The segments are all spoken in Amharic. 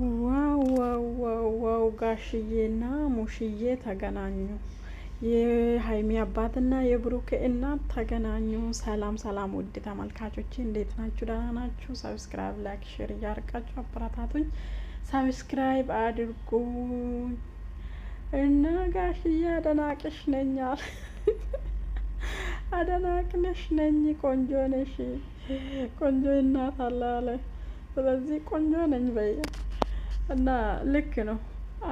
ዋው ዋው ዋው! ጋሽዬና ሙሽዬ ተገናኙ። የሀይሚ አባትና የብሩክ እናት ተገናኙ። ሰላም ሰላም! ውድ ተመልካቾች እንዴት ናችሁ? ደህና ናችሁ? ሰብስክራይብ፣ ላይክ፣ ሼር እያርቃችሁ አበረታቱኝ። ሰብስክራይብ አድርጉ እና ጋሽዬ አደናቅሽ ነኛል አደናቅነሽ ነኝ። ቆንጆ ነሽ፣ ቆንጆ እናት አለ አለ። ስለዚህ ቆንጆ ነኝ በየ እና ልክ ነው።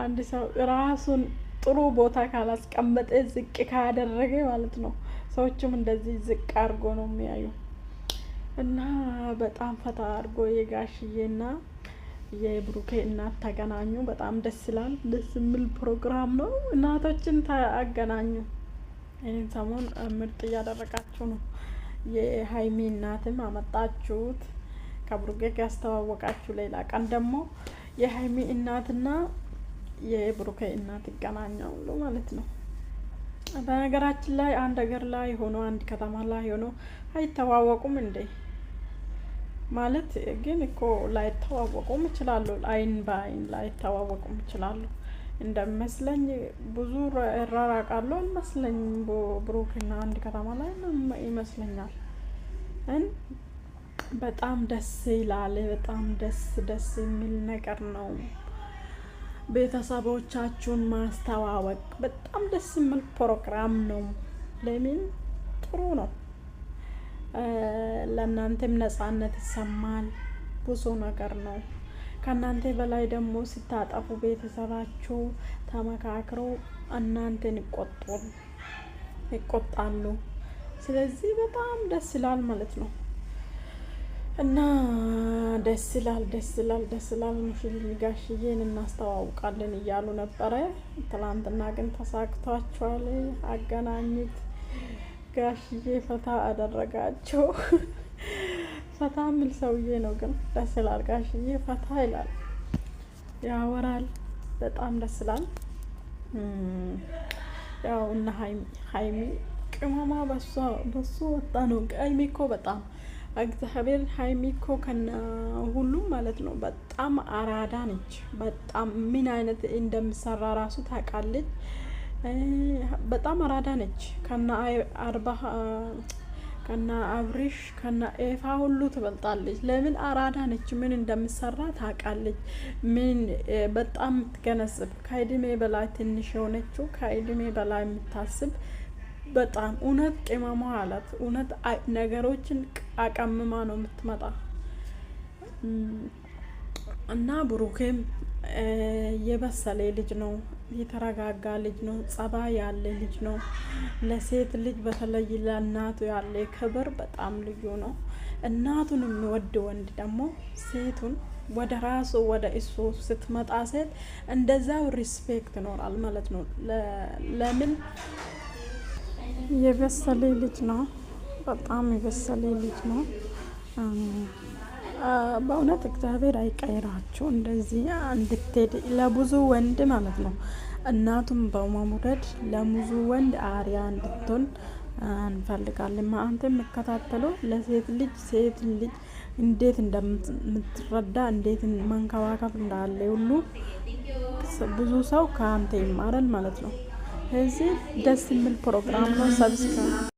አንድ ሰው ራሱን ጥሩ ቦታ ካላስቀመጠ ዝቅ ካደረገ ማለት ነው ሰዎችም እንደዚህ ዝቅ አድርጎ ነው የሚያዩ እና በጣም ፈታ አድርጎ የጋሽዬና የብሩኬ እናት ተገናኙ። በጣም ደስ ይላል። ደስ የሚል ፕሮግራም ነው። እናቶችን ተገናኙ። ይህን ሰሞን ምርጥ እያደረጋችሁ ነው። የሀይሚ እናትም አመጣችሁት ከብሩኬ ያስተዋወቃችሁ። ሌላ ቀን ደግሞ የሀይሚ እናትና የብሩኬ እናት ይገናኛሉ ማለት ነው። በነገራችን ላይ አንድ ሀገር ላይ ሆኖ አንድ ከተማ ላይ ሆኖ አይተዋወቁም እንዴ? ማለት ግን እኮ ላይተዋወቁም ይችላሉ። አይን በአይን ላይተዋወቁም ይችላሉ። እንደሚመስለኝ ብዙ እራራቃሉ አልመስለኝም። ብሩክና አንድ ከተማ ላይ ይመስለኛል እን በጣም ደስ ይላል። በጣም ደስ ደስ የሚል ነገር ነው። ቤተሰቦቻችሁን ማስተዋወቅ በጣም ደስ የሚል ፕሮግራም ነው። ለምን ጥሩ ነው። ለእናንተም ነጻነት ይሰማል። ብዙ ነገር ነው። ከእናንተ በላይ ደግሞ ስታጠፉ ቤተሰባችሁ ተመካክሮ እናንተን ይቆጣሉ። ስለዚህ በጣም ደስ ይላል ማለት ነው። እና ደስ ይላል ደስ ይላል ደስ ይላል ሙሽል ጋሽዬን እናስተዋውቃለን እያሉ ነበረ። ትላንትና ግን ተሳክቷቸዋል። አገናኙት ጋሽዬ ፈታ አደረጋቸው። ፈታ ምል ሰውዬ ነው ግን ደስ ይላል። ጋሽዬ ፈታ ይላል፣ ያወራል። በጣም ደስ ይላል። ያው እና ሀይሚ ቅመማ በሱ ወጣ ነው ሀይሚ እኮ በጣም እግዚአብሔርን ሀይሚ እኮ ከነ ሁሉም ማለት ነው በጣም አራዳ ነች። በጣም ምን አይነት እንደምሰራ ራሱ ታውቃለች። በጣም አራዳ ነች። ከና አርባ ከና አብሪሽ ከና ኤፋ ሁሉ ትበልጣለች። ለምን አራዳ ነች። ምን እንደምሰራ ታውቃለች። ምን በጣም የምትገነጽብ ከእድሜ በላይ ትንሽ የሆነችው ከእድሜ በላይ የምታስብ በጣም እውነት ቅመሟ አላት። እውነት ነገሮችን አቀምማ ነው የምትመጣ እና ብሩኬም የበሰለ ልጅ ነው፣ የተረጋጋ ልጅ ነው፣ ጸባ ያለ ልጅ ነው። ለሴት ልጅ በተለይ ለእናቱ ያለ ክብር በጣም ልዩ ነው። እናቱን የሚወድ ወንድ ደግሞ ሴቱን ወደ ራሱ ወደ እሱ ስትመጣ ሴት እንደዛው ሪስፔክት ይኖራል ማለት ነው። ለምን የበሰለ ልጅ ነው። በጣም የበሰለ ልጅ ነው። በእውነት እግዚአብሔር አይቀይራችሁ። እንደዚህ እንድትሄድ ለብዙ ወንድ ማለት ነው እናቱም በመውረድ ለብዙ ወንድ አሪያ እንድትሆን እንፈልጋለን። አንተ የምከታተለው ለሴት ልጅ ሴት ልጅ እንዴት እንደምትረዳ እንዴት መንከባከብ እንዳለ ሁሉ ብዙ ሰው ከአንተ ይማራል ማለት ነው። እዚህ ደስ የሚል ፕሮግራም ነው። ሰብስክራይብ